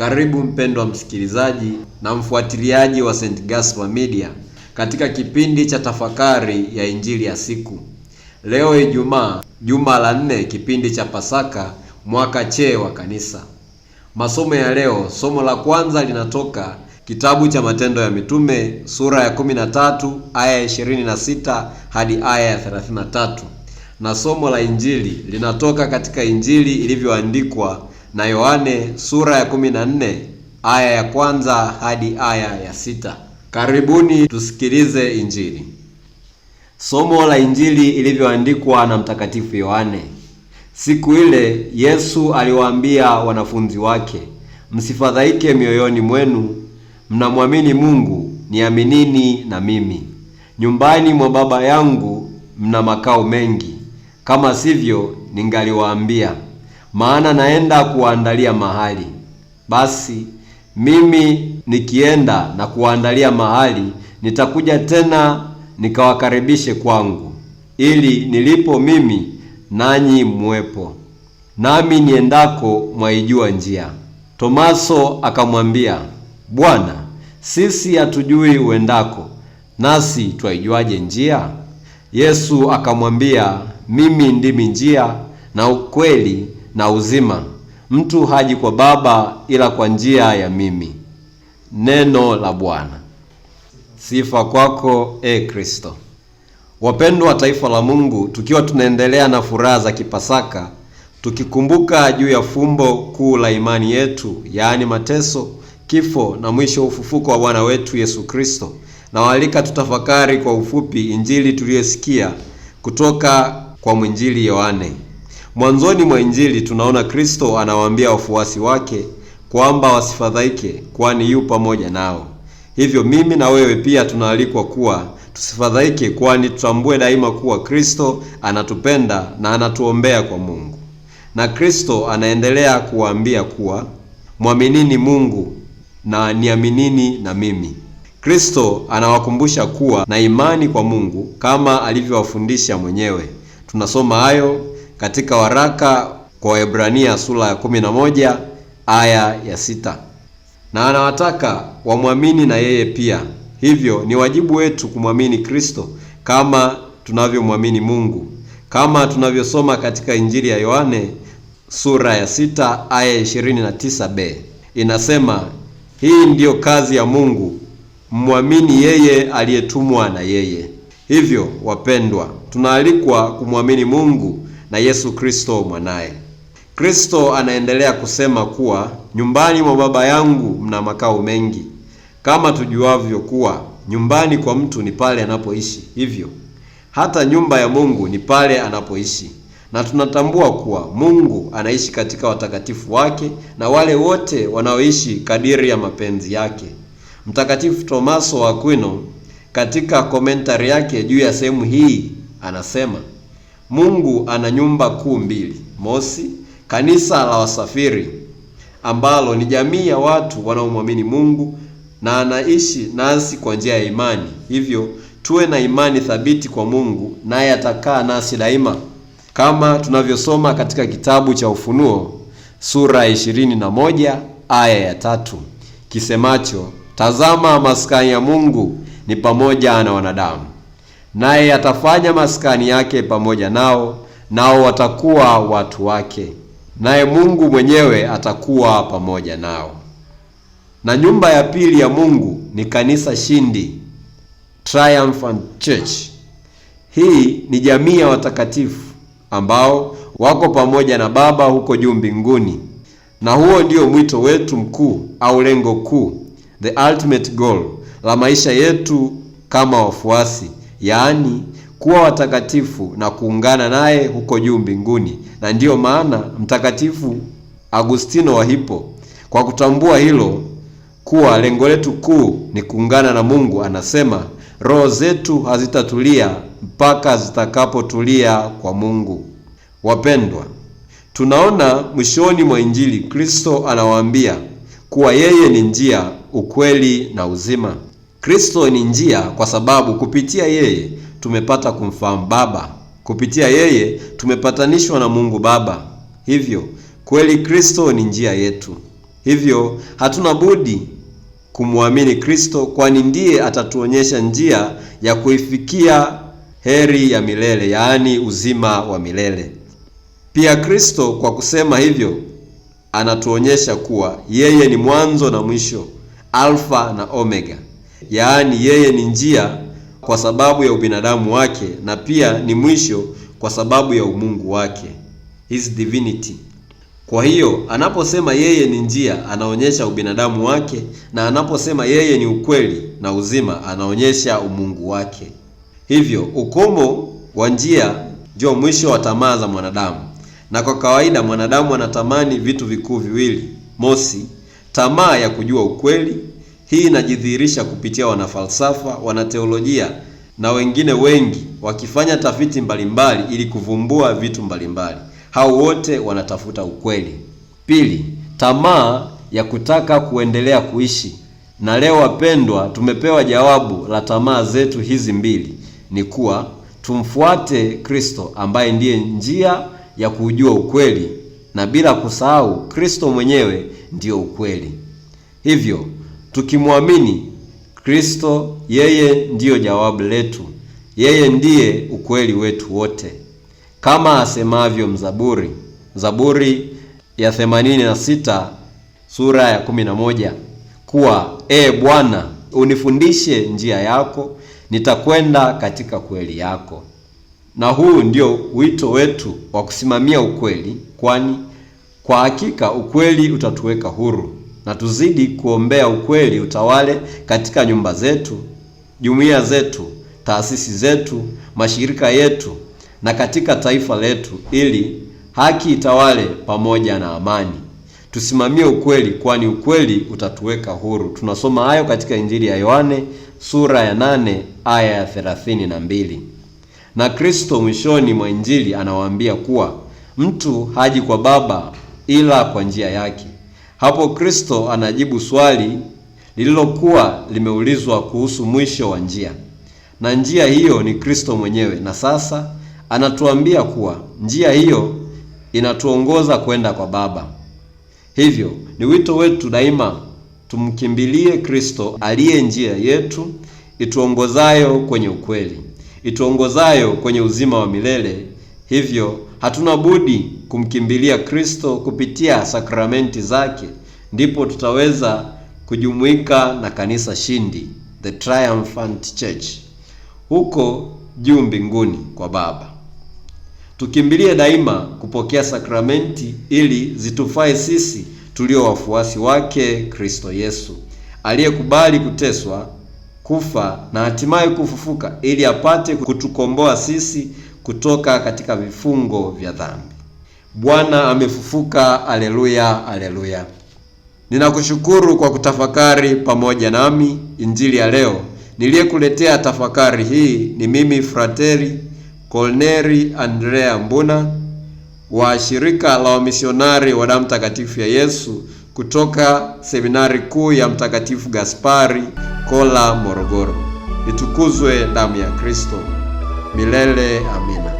Karibu mpendwa msikilizaji na mfuatiliaji wa St. Gaspar Media katika kipindi cha tafakari ya injili ya siku. Leo Ijumaa, juma la nne, kipindi cha Pasaka, mwaka C wa Kanisa. Masomo ya leo, somo la kwanza linatoka kitabu cha Matendo ya Mitume sura ya 13 aya ya 26 hadi aya ya 33, na somo la injili linatoka katika injili ilivyoandikwa na Yohane sura ya 14 aya ya kwanza hadi aya ya sita. Karibuni tusikilize Injili. Somo la Injili ilivyoandikwa na Mtakatifu Yohane. Siku ile Yesu aliwaambia wanafunzi wake, msifadhaike mioyoni mwenu, mnamwamini Mungu, niaminini na mimi. Nyumbani mwa Baba yangu mna makao mengi, kama sivyo ningaliwaambia maana naenda kuwaandalia mahali. Basi mimi nikienda na kuwaandalia mahali, nitakuja tena nikawakaribishe kwangu, ili nilipo mimi nanyi mwepo, nami niendako mwaijua njia. Tomaso akamwambia, Bwana, sisi hatujui uendako, nasi twaijuaje njia? Yesu akamwambia, mimi ndimi njia na ukweli na uzima, mtu haji kwa Baba ila kwa njia ya mimi. Neno la Bwana. Sifa kwako e Kristo. Wapendwa wa taifa la Mungu, tukiwa tunaendelea na furaha za Kipasaka, tukikumbuka juu ya fumbo kuu la imani yetu, yaani mateso, kifo na mwisho ufufuko wa Bwana wetu Yesu Kristo, na walika tutafakari kwa ufupi injili tuliyosikia kutoka kwa mwinjili Yohane. Mwanzoni mwa Injili tunaona Kristo anawaambia wafuasi wake kwamba wasifadhaike, kwani yu pamoja nao. Hivyo mimi na wewe pia tunaalikwa kuwa tusifadhaike, kwani tutambue daima kuwa Kristo anatupenda na anatuombea kwa Mungu. Na Kristo anaendelea kuwaambia kuwa mwaminini Mungu na niaminini na mimi. Kristo anawakumbusha kuwa na imani kwa Mungu kama alivyowafundisha mwenyewe. Tunasoma hayo katika waraka kwa Waebrania sura ya 11 aya ya sita, na anawataka wamwamini na yeye pia. Hivyo ni wajibu wetu kumwamini Kristo kama tunavyomwamini Mungu, kama tunavyosoma katika Injili ya Yohane sura ya sita aya 29b, inasema hii ndiyo kazi ya Mungu, mmwamini yeye aliyetumwa na yeye. Hivyo wapendwa, tunaalikwa kumwamini Mungu na Yesu Kristo mwanaye. Kristo anaendelea kusema kuwa nyumbani mwa Baba yangu mna makao mengi, kama tujuavyo kuwa nyumbani kwa mtu ni pale anapoishi. Hivyo hata nyumba ya Mungu ni pale anapoishi, na tunatambua kuwa Mungu anaishi katika watakatifu wake na wale wote wanaoishi kadiri ya mapenzi yake. Mtakatifu Tomaso wa Aquino katika komentari yake juu ya sehemu hii anasema Mungu ana nyumba kuu mbili: mosi, kanisa la wasafiri ambalo ni jamii ya watu wanaomwamini Mungu na anaishi nasi kwa njia ya imani. Hivyo tuwe na imani thabiti kwa Mungu, naye atakaa nasi daima, kama tunavyosoma katika kitabu cha Ufunuo sura 21 aya ya tatu kisemacho, tazama maskani ya Mungu ni pamoja na wanadamu naye atafanya maskani yake pamoja nao, nao watakuwa watu wake, naye Mungu mwenyewe atakuwa pamoja nao. Na nyumba ya pili ya Mungu ni kanisa shindi, Triumphant Church. Hii ni jamii ya watakatifu ambao wako pamoja na Baba huko juu mbinguni, na huo ndio mwito wetu mkuu au lengo kuu, the ultimate goal la maisha yetu kama wafuasi yaani kuwa watakatifu na kuungana naye huko juu mbinguni. Na ndiyo maana Mtakatifu Agustino wa Hippo, kwa kutambua hilo kuwa lengo letu kuu ni kuungana na Mungu, anasema roho zetu hazitatulia mpaka zitakapotulia kwa Mungu. Wapendwa, tunaona mwishoni mwa Injili Kristo anawaambia kuwa yeye ni njia, ukweli na uzima. Kristo ni njia kwa sababu kupitia yeye tumepata kumfahamu Baba. Kupitia yeye tumepatanishwa na Mungu Baba. Hivyo kweli Kristo ni njia yetu. Hivyo hatuna budi kumwamini Kristo, kwani ndiye atatuonyesha njia ya kuifikia heri ya milele, yaani uzima wa milele. Pia Kristo kwa kusema hivyo anatuonyesha kuwa yeye ni mwanzo na mwisho, Alfa na Omega yaani yeye ni njia kwa sababu ya ubinadamu wake na pia ni mwisho kwa sababu ya umungu wake, his divinity. Kwa hiyo anaposema yeye ni njia, anaonyesha ubinadamu wake, na anaposema yeye ni ukweli na uzima, anaonyesha umungu wake. Hivyo ukomo wa njia ndio mwisho wa tamaa za mwanadamu, na kwa kawaida mwanadamu anatamani vitu vikuu viwili: mosi, tamaa ya kujua ukweli hii inajidhihirisha kupitia wanafalsafa, wanateolojia na wengine wengi wakifanya tafiti mbalimbali ili kuvumbua vitu mbalimbali. Hao wote wanatafuta ukweli. Pili, tamaa ya kutaka kuendelea kuishi. Na leo wapendwa, tumepewa jawabu la tamaa zetu hizi mbili, ni kuwa tumfuate Kristo ambaye ndiye njia ya kuujua ukweli, na bila kusahau Kristo mwenyewe ndiyo ukweli. Hivyo Tukimwamini Kristo, yeye ndiyo jawabu letu, yeye ndiye ukweli wetu wote, kama asemavyo mzaburi, Zaburi ya 86 sura ya 11 kuwa E Bwana, unifundishe njia yako, nitakwenda katika kweli yako. Na huu ndio wito wetu wa kusimamia ukweli, kwani kwa hakika ukweli utatuweka huru na tuzidi kuombea ukweli utawale katika nyumba zetu, jumuiya zetu, taasisi zetu, mashirika yetu na katika taifa letu, ili haki itawale pamoja na amani. Tusimamie ukweli, kwani ukweli utatuweka huru. Tunasoma hayo katika Injili ya Yohane sura ya nane aya ya mbili. Na Kristo mwishoni mwa Injili anawaambia kuwa mtu haji kwa Baba ila kwa njia yake. Hapo Kristo anajibu swali lililokuwa limeulizwa kuhusu mwisho wa njia, na njia hiyo ni Kristo mwenyewe, na sasa anatuambia kuwa njia hiyo inatuongoza kwenda kwa Baba. Hivyo ni wito wetu daima tumkimbilie Kristo aliye njia yetu ituongozayo kwenye ukweli, ituongozayo kwenye uzima wa milele. Hivyo hatuna budi kumkimbilia Kristo kupitia sakramenti zake, ndipo tutaweza kujumuika na kanisa shindi, the triumphant church, huko juu mbinguni kwa Baba. Tukimbilie daima kupokea sakramenti ili zitufae sisi tulio wafuasi wake Kristo Yesu aliyekubali kuteswa, kufa na hatimaye kufufuka ili apate kutukomboa sisi kutoka katika vifungo vya dhambi. Bwana amefufuka, aleluya, aleluya. Ninakushukuru kwa kutafakari pamoja nami injili ya leo. Niliyekuletea tafakari hii ni mimi frateri Colneri Andrea Mbuna wa shirika la wamisionari wa damu takatifu ya Yesu kutoka seminari kuu ya Mtakatifu Gaspari Kola, Morogoro. Itukuzwe damu ya Kristo! Milele amina.